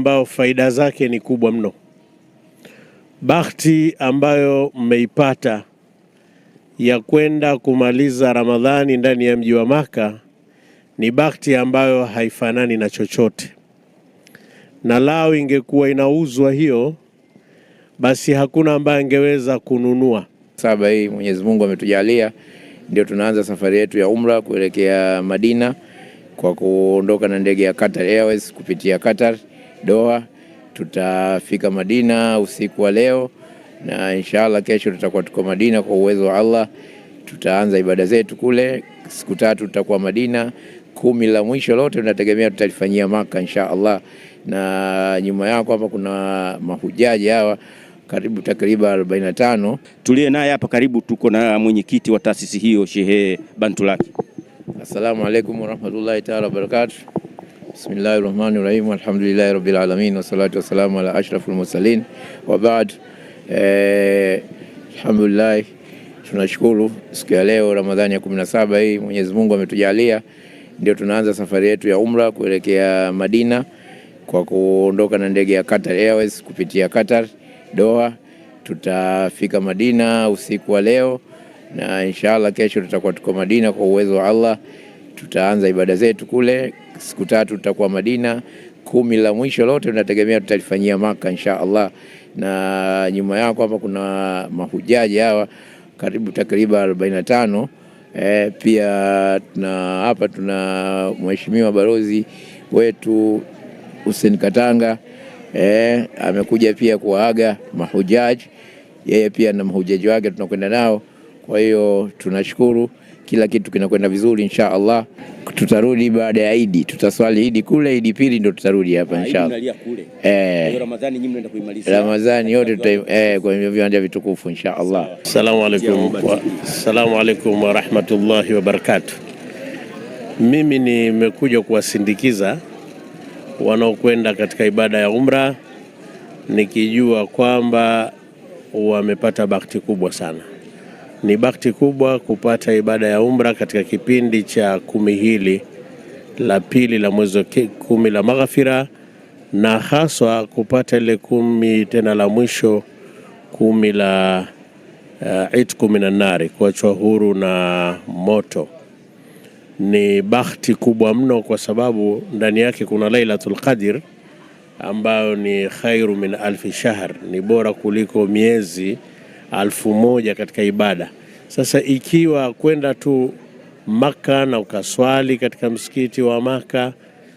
ambao faida zake ni kubwa mno. Bahati ambayo mmeipata ya kwenda kumaliza Ramadhani ndani ya mji wa Maka ni bahati ambayo haifanani na chochote, na lao ingekuwa inauzwa hiyo, basi hakuna ambaye angeweza kununua. Saba hii Mwenyezi Mungu ametujalia, ndio tunaanza safari yetu ya umra kuelekea Madina kwa kuondoka na ndege ya Qatar Airways kupitia Qatar. Doha. Tutafika Madina usiku wa leo na inshallah kesho tutakuwa tuko Madina kwa uwezo wa Allah. Tutaanza ibada zetu kule, siku tatu tutakuwa Madina, kumi la mwisho lote tunategemea tutalifanyia Maka insha Allah. Na nyuma yako hapa kuna mahujaji hawa karibu takriban 45 tuliye naye hapa karibu. Tuko na mwenyekiti wa taasisi hiyo Shehe Bantulaki. Assalamu alaikum warahmatullahi taala wabarakatuh. Bismillahi rahmani rahim, alhamdulillahi rabbil alamin, wassalatu wassalamu ala ashrafu lmursalin wa baad. Eh, alhamdulillah tunashukuru siku ya leo Ramadhani ya kumi na saba hii Mwenyezi Mungu ametujalia, ndio tunaanza safari yetu ya umra kuelekea Madina kwa kuondoka na ndege ya Qatar Airways kupitia Qatar Doha. Tutafika Madina usiku wa leo na inshaallah kesho tutakuwa tuko Madina kwa uwezo wa Allah, tutaanza ibada zetu kule siku tatu tutakuwa Madina, kumi la mwisho lote tunategemea tutalifanyia Maka insha Allah. Na nyuma yako hapa kuna mahujaji hawa karibu takriban 45. E, eh, pia na hapa tuna mheshimiwa balozi wetu Hussein Katanga e, amekuja pia kuwaaga mahujaji. Yeye pia na mahujaji wake tunakwenda nao, kwa hiyo tunashukuru kila kitu kinakwenda vizuri insha Allah. Tutarudi baada ya Idi, tutaswali Idi kule, Idi pili ndo tutarudi hapa ah, insha Allah. Eh, Ramadhani nyinyi mnaenda kuimaliza Ramadhani yote tuta eh kwa viwanja vitukufu insha Allah. Asalamu alaykum, asalamu alaykum wa rahmatullahi wa barakatuh. Mimi nimekuja kuwasindikiza wanaokwenda katika ibada ya umra nikijua kwamba wamepata bahati kubwa sana. Ni bakti kubwa kupata ibada ya umra katika kipindi cha kumi hili la pili la mwezi wa kumi la maghfira, na haswa kupata ile kumi tena la mwisho kumi la uh, eh, itqu na nari, kuachwa huru na moto. Ni bakti kubwa mno, kwa sababu ndani yake kuna Lailatul Qadr ambayo ni khairu min alfi shahr, ni bora kuliko miezi alfu moja katika ibada. Sasa ikiwa kwenda tu Maka na ukaswali katika msikiti wa Maka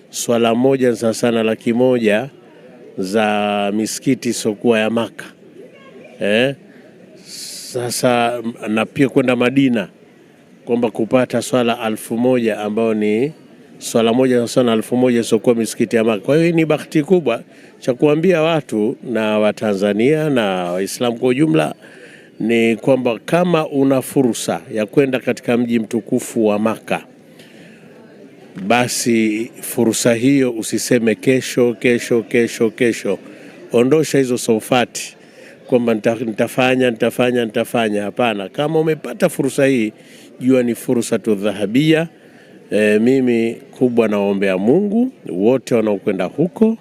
swala moja sana sana laki moja za misikiti isiokuwa ya Maka eh? Sasa na pia kwenda Madina kwamba kupata swala alfu moja ambayo ni swala moja sana alfu moja isiokuwa misikiti ya Maka. Kwa hiyo hii ni bahati kubwa cha kuambia watu na Watanzania na Waislamu kwa ujumla ni kwamba kama una fursa ya kwenda katika mji mtukufu wa Maka, basi fursa hiyo usiseme kesho, kesho, kesho, kesho. Ondosha hizo sofati kwamba nitafanya, nitafanya, nitafanya. Hapana, kama umepata fursa hii, jua ni fursa tu dhahabia. E, mimi kubwa nawaombea Mungu wote wanaokwenda huko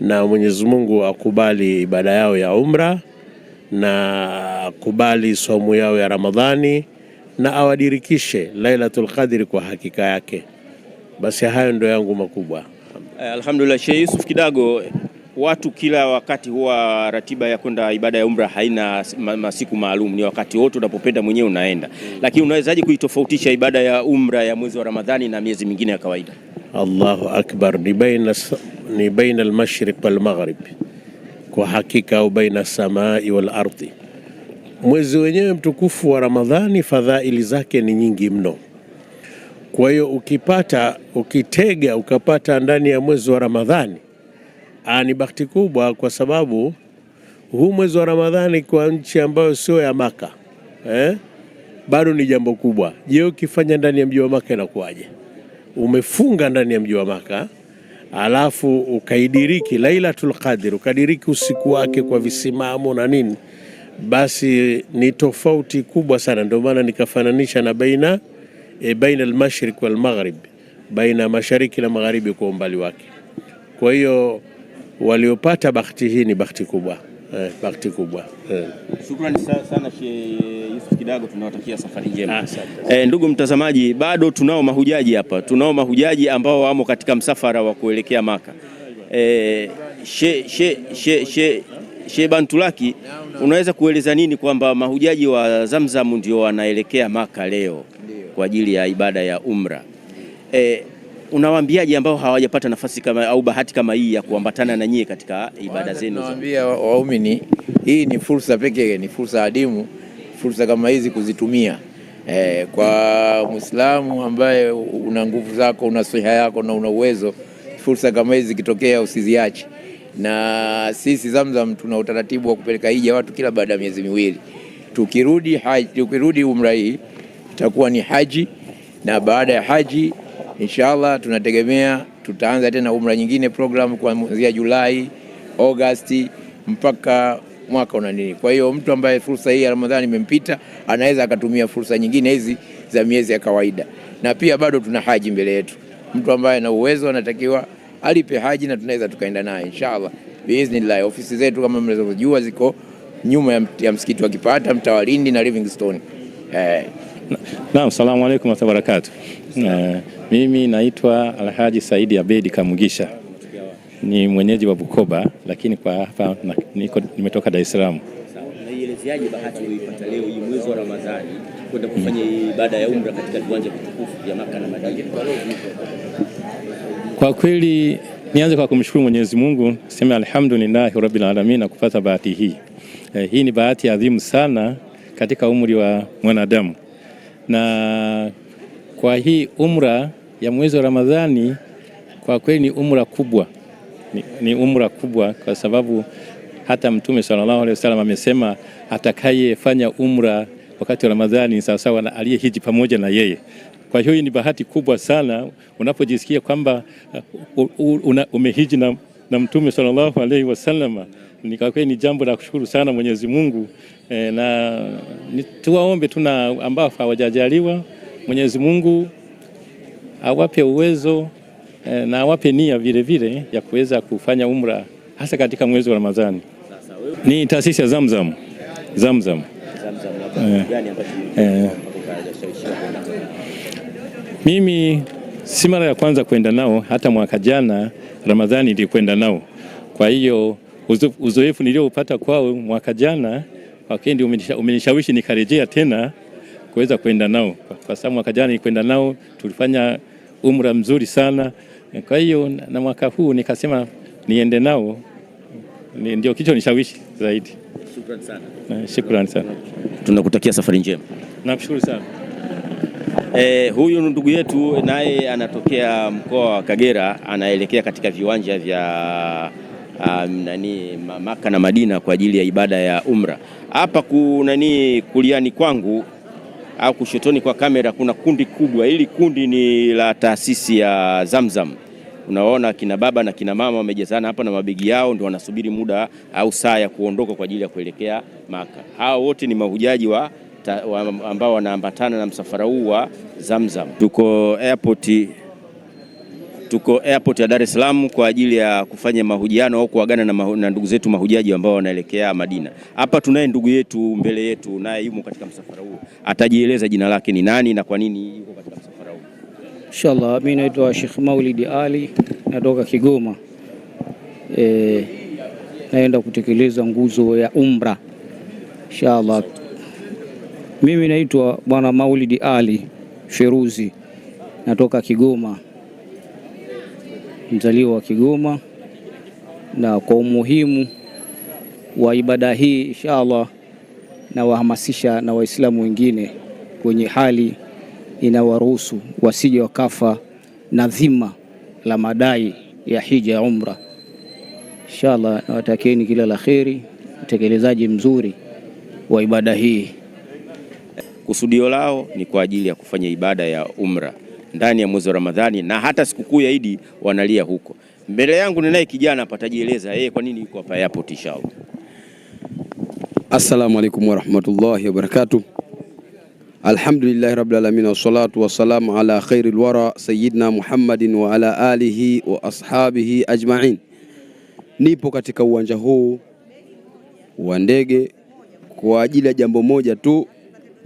na Mwenyezi Mungu akubali ibada yao ya umra na akubali somu yao ya Ramadhani na awadirikishe Lailatul Qadri kwa hakika yake. Basi hayo ndio yangu makubwa. Eh, alhamdulillah, Sheikh Yusuf Kidago, watu kila wakati huwa ratiba ya kwenda ibada ya umra haina masiku maalum, ni wakati wote unapopenda mwenyewe unaenda. Lakini unawezaje kuitofautisha ibada ya umra ya mwezi wa Ramadhani na miezi mingine ya kawaida? Allahu akbar, ni baina ni baina al-mashriq wal maghrib, kwa hakika au baina samai wal Mwezi wenyewe mtukufu wa Ramadhani fadhaili zake ni nyingi mno. Kwa hiyo ukipata ukitega ukapata ndani ya mwezi wa Ramadhani ni bahati kubwa, kwa sababu huu mwezi wa Ramadhani kwa nchi ambayo sio ya Maka eh, bado ni jambo kubwa. Je, ukifanya ndani ya mji wa Maka inakuwaje? Umefunga ndani ya mji wa Maka alafu ukaidiriki Lailatul Qadr, ukadiriki usiku wake kwa visimamo na nini basi ni tofauti kubwa sana. Ndio maana nikafananisha na baina e, baina al-mashriq wal maghrib, baina mashariki na magharibi kwa umbali wake. Kwa hiyo waliopata bahati hii ni bahati kubwa. Eh, bahati kubwa eh. Shukrani sana Sheikh Yusuf Kidago, tunawatakia safari njema ah, eh, ndugu mtazamaji, bado tunao mahujaji hapa, tunao mahujaji ambao wamo katika msafara wa kuelekea Maka eh, she, she, she, she, Sheban Tulaki, unaweza kueleza nini kwamba mahujaji wa Zamzam ndio wanaelekea Maka leo kwa ajili ya ibada ya umra e, unawaambiaje ambao hawajapata nafasi kama au bahati kama hii ya kuambatana na nyie katika ibada zenu? Nawaambia waumini hii ni fursa pekee, ni fursa adimu, fursa kama hizi kuzitumia e, kwa Muislamu ambaye una nguvu zako, una siha yako na una uwezo, fursa kama hizi zikitokea usiziache na sisi Zamzam tuna utaratibu wa kupeleka hija watu kila baada ya miezi miwili. Tukirudi haji, tukirudi umra hii itakuwa ni haji, na baada ya haji inshallah tunategemea tutaanza tena umra nyingine program kuanzia Julai, Agosti mpaka mwaka una nini. Kwa hiyo mtu ambaye fursa hii ya Ramadhani imempita anaweza akatumia fursa nyingine hizi za miezi ya kawaida, na pia bado tuna haji mbele yetu. Mtu ambaye ana uwezo anatakiwa alipe haji na tunaweza tukaenda naye inshallah biiznillah. Ofisi zetu kama mnazojua ziko nyuma ya, ya msikiti wa Kipata, Mtawalindi na Livingstone eh. Naam, salamu alaykum wa wabarakatuh. Eh, mimi naitwa Alhaji Saidi Abedi Kamugisha, ni mwenyeji wa Bukoba, lakini kwa hapa niko nimetoka Dar es Salaam. Naielezeaje bahati uliyoipata leo hii mwezi wa Ramadhani kwenda kufanya ibada ya umra katika viwanja vitukufu vya Maka na Madina? Kwa kweli nianze kwa kumshukuru Mwenyezi Mungu, sema alhamdulillah rabbil alamin na kupata bahati hii. Eh, hii ni bahati adhimu sana katika umri wa mwanadamu, na kwa hii umra ya mwezi wa Ramadhani kwa kweli ni umra kubwa, ni, ni umra kubwa kwa sababu hata Mtume sallallahu alaihi wasallam amesema atakayefanya umra wakati wa Ramadhani sawasawa na aliyehiji pamoja na yeye. Kwa hiyo ni bahati kubwa sana unapojisikia kwamba uh, umehiji na, na Mtume sallallahu alaihi wasallam. Ni kwa kweli ni jambo la kushukuru sana Mwenyezi Mungu e, na tuwaombe tuna ambao hawajajaliwa Mwenyezi Mungu awape uwezo e, na awape nia vile vile ya kuweza kufanya umra hasa katika mwezi wa Ramadhani. Ni taasisi ya Zamzam Zamzam, Zamzam. Zamzam. Zamzam. Zamzam. Mimi si mara ya kwanza kwenda nao, hata mwaka jana Ramadhani nilikwenda nao. Kwa hiyo uzoefu nilioupata kwao mwaka jana wakendi umenishawishi nikarejea tena kuweza kwenda nao, kwa sababu mwaka jana nilikwenda nao, tulifanya umra mzuri sana. Kwa hiyo na mwaka huu nikasema niende nao, ndio kicho nishawishi zaidi. Shukrani sana. Eh, Shukrani sana. Tunakutakia safari njema. Nakushukuru sana. E, huyu ndugu yetu naye anatokea mkoa wa Kagera, anaelekea katika viwanja vya um, nani Maka na Madina kwa ajili ya ibada ya umra. Hapa kunani kuliani kwangu au kushotoni kwa kamera kuna kundi kubwa. Hili kundi ni la taasisi ya Zamzam. Unaona kina baba na kina mama wamejazana hapa na mabegi yao, ndio wanasubiri muda au saa ya kuondoka kwa ajili ya kuelekea Maka. Hao wote ni mahujaji wa ambao wanaambatana na msafara huu wa Zamzam. Tuko airport, tuko airport ya Dar es Salaam kwa ajili ya kufanya mahojiano au kuagana na, mahu, na ndugu zetu mahujaji ambao wanaelekea Madina. Hapa tunaye ndugu yetu mbele yetu, naye yumo katika msafara huu, atajieleza jina lake ni nani na kwa nini yuko katika msafara huu. Inshallah, mimi naitwa Sheikh Maulidi Ali natoka Kigoma e, naenda kutekeleza nguzo ya umra inshallah. Mimi naitwa Bwana Maulidi Ali Feruzi, natoka Kigoma, mzaliwa wa Kigoma. Na kwa umuhimu wa ibada hii, inshaallah nawahamasisha na Waislamu wengine kwenye hali inawaruhusu wasije wakafa na dhima la madai ya hija ya umra. Inshallah nawatakieni kila la kheri, utekelezaji mzuri wa ibada hii. Kusudio lao ni kwa ajili ya kufanya ibada ya umra ndani ya mwezi wa Ramadhani na hata sikukuu ya Idi wanalia huko. Mbele yangu ninaye kijana patajieleza yeye kwa nini yuko hapa airport inshallah. Assalamu rahmatullahi warahmatullahi wabarakatuh. Alhamdulillahi rabbil alamin wa wassalamu ala khairil wara sayyidina Muhammadin wa ala alihi wa ashabihi ajma'in. Nipo katika uwanja huu wa ndege kwa ajili ya jambo moja tu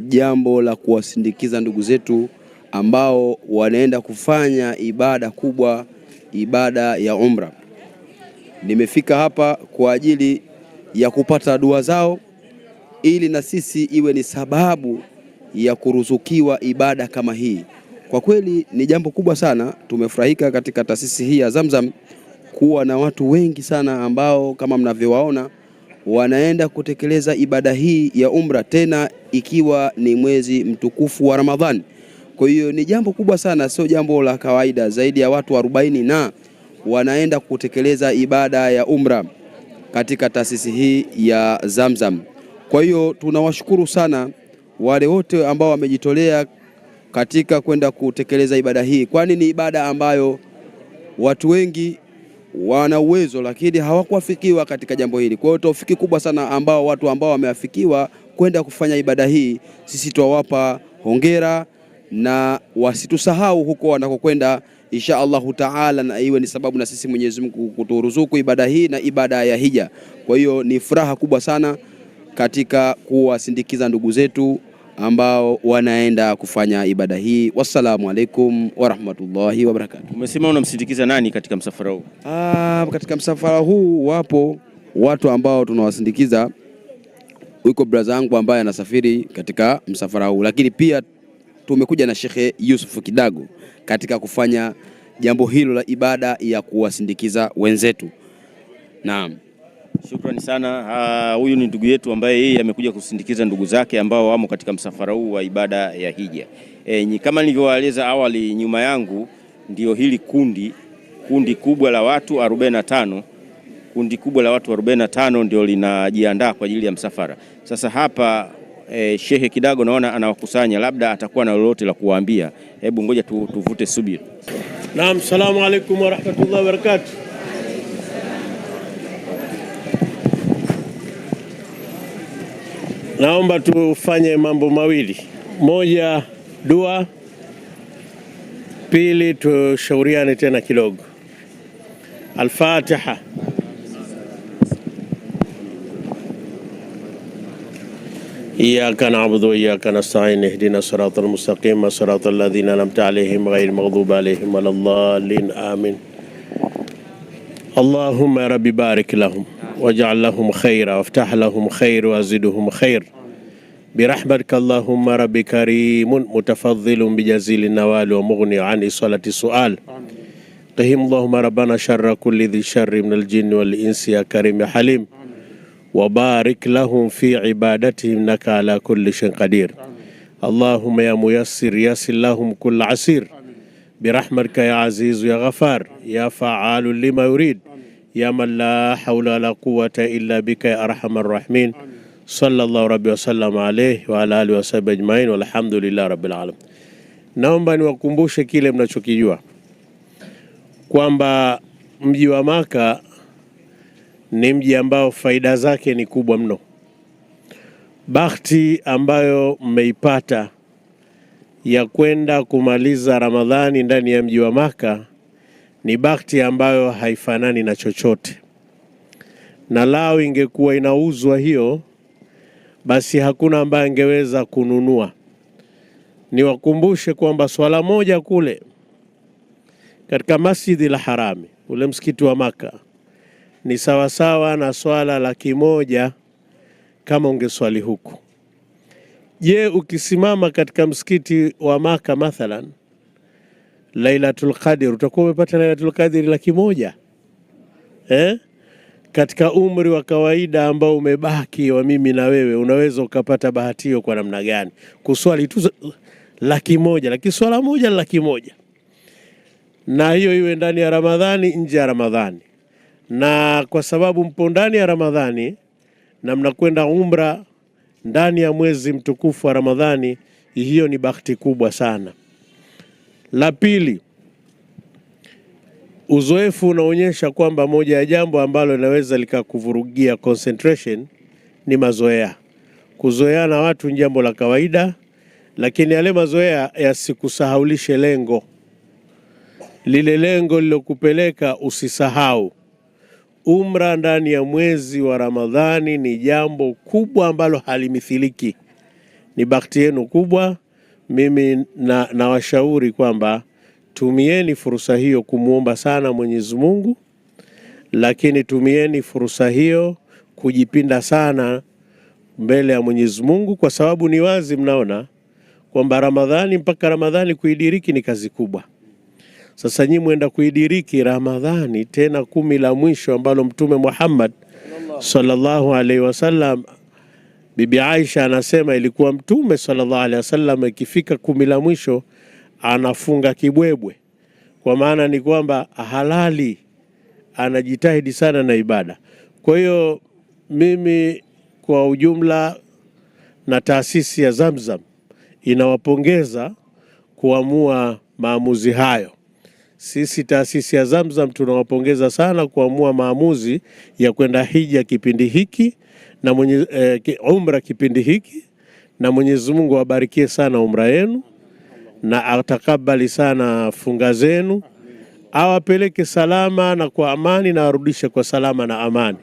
jambo la kuwasindikiza ndugu zetu ambao wanaenda kufanya ibada kubwa, ibada ya umra. Nimefika hapa kwa ajili ya kupata dua zao ili na sisi iwe ni sababu ya kuruzukiwa ibada kama hii. Kwa kweli ni jambo kubwa sana, tumefurahika katika taasisi hii ya Zamzam kuwa na watu wengi sana ambao kama mnavyowaona wanaenda kutekeleza ibada hii ya umra, tena ikiwa ni mwezi mtukufu wa Ramadhani. Kwa hiyo ni jambo kubwa sana, sio jambo la kawaida. Zaidi ya watu 40 na wanaenda kutekeleza ibada ya umra katika taasisi hii ya Zamzam. Kwa hiyo tunawashukuru sana wale wote ambao wamejitolea katika kwenda kutekeleza ibada hii, kwani ni ibada ambayo watu wengi wana uwezo lakini hawakuafikiwa katika jambo hili. Kwa hiyo taufiki kubwa sana ambao watu ambao wameafikiwa kwenda kufanya ibada hii, sisi twawapa hongera na wasitusahau huko wanakokwenda insha Allahu taala, na iwe ni sababu na sisi Mwenyezi Mungu kuturuzuku ibada hii na ibada ya hija. Kwa hiyo ni furaha kubwa sana katika kuwasindikiza ndugu zetu ambao wanaenda kufanya ibada hii. Wassalamu alaikum warahmatullahi wabarakatuh. Umesema unamsindikiza nani katika msafara huu? Ah, katika msafara huu wapo watu ambao tunawasindikiza. Yuko braza yangu ambaye anasafiri katika msafara huu, lakini pia tumekuja na Shekhe Yusuf Kidago katika kufanya jambo hilo la ibada ya kuwasindikiza wenzetu. Naam. Shukrani sana. Ah, huyu ni ndugu yetu ambaye yeye amekuja kusindikiza ndugu zake ambao wamo katika msafara huu wa ibada ya hija. E, kama nilivyowaeleza awali, nyuma yangu ndio hili kundi kundi kubwa la watu 45 kundi kubwa la watu 45 ndio linajiandaa kwa ajili ya msafara. Sasa hapa e, Shehe Kidago naona anawakusanya, labda atakuwa na lolote la kuwaambia. Hebu ngoja tuvute subira. Naam, salamu alaykum wa rahmatullahi wa barakatuh. Naomba tufanye mambo mawili: moja, dua; pili, tushauriane tena kidogo. Al-Fatiha. Iyyaka na'budu wa iyyaka nasta'in ihdina siratal mustaqim siratal ladzina an'amta 'alaihim ghairil maghdubi 'alaihim waladdallin amin. اللهم رب بارك لهم واجعل لهم خيرا وافتح لهم خير وازدهم خير برحمتك اللهم رب كريم متفضل بجزيل النوال ومغني عن صلاة السؤال قهم اللهم ربنا شر كل ذي شر من الجن والإنس يا كريم يا حليم وبارك لهم في عبادتهم إنك على كل شيء قدير اللهم يا ميسر يسر لهم كل عسير birahmatika ya azizu ya ghafar ya faalu lima yurid ya man la haula wala quwata illa bika ya arhamar rahimin sallallahu rabbi wasallam alayhi wa ala alihi wasahbi ajmain walhamdulillahi rabbil alamin. Naomba niwakumbushe kile mnachokijua kwamba mji wa Maka ni mji ambao faida zake ni kubwa mno. Bahati ambayo mmeipata ya kwenda kumaliza Ramadhani ndani ya mji wa Maka ni bahati ambayo haifanani na chochote, na lao ingekuwa inauzwa hiyo, basi hakuna ambaye angeweza kununua. Niwakumbushe kwamba swala moja kule katika Masjidi la Harami, ule msikiti wa Maka, ni sawasawa na swala laki moja kama ungeswali huku. Je, ukisimama katika msikiti wa Maka mathalan Lailatul Qadr utakuwa umepata Lailatul Qadr laki moja eh? Katika umri wa kawaida ambao umebaki wa mimi na wewe, unaweza ukapata bahati hiyo kwa namna gani? Kuswali tu laki moja, lakini swala moja laki moja, na hiyo iwe ndani ya Ramadhani, nje ya Ramadhani. Na kwa sababu mpo ndani ya Ramadhani na mnakwenda umra ndani ya mwezi mtukufu wa Ramadhani, hiyo ni bahati kubwa sana. La pili, uzoefu unaonyesha kwamba moja ya jambo ambalo linaweza likakuvurugia concentration ni mazoea. Kuzoea na watu ni jambo la kawaida, lakini yale mazoea yasikusahaulishe lengo lile, lengo lilokupeleka usisahau umra ndani ya mwezi wa Ramadhani ni jambo kubwa ambalo halimithiliki, ni bakti yenu kubwa. Mimi nawashauri na kwamba tumieni fursa hiyo kumwomba sana Mwenyezi Mungu, lakini tumieni fursa hiyo kujipinda sana mbele ya Mwenyezi Mungu, kwa sababu ni wazi mnaona kwamba Ramadhani mpaka Ramadhani kuidiriki ni kazi kubwa. Sasa nyi mwenda kuidiriki Ramadhani tena kumi la mwisho ambalo Mtume Muhammad sallallahu alaihi wasallam, Bibi Aisha anasema ilikuwa Mtume sallallahu alaihi wasallam ikifika kumi la mwisho anafunga kibwebwe, kwa maana ni kwamba halali, anajitahidi sana na ibada. Kwa hiyo mimi kwa ujumla na taasisi ya Zamzam inawapongeza kuamua maamuzi hayo. Sisi taasisi ya Zamzam tunawapongeza sana kuamua maamuzi ya kwenda hija kipindi hiki na mwenye, eh, umra kipindi hiki na Mwenyezi Mungu awabarikie sana umra yenu na atakabali sana funga zenu, awapeleke salama na kwa amani na arudishe kwa salama na amani.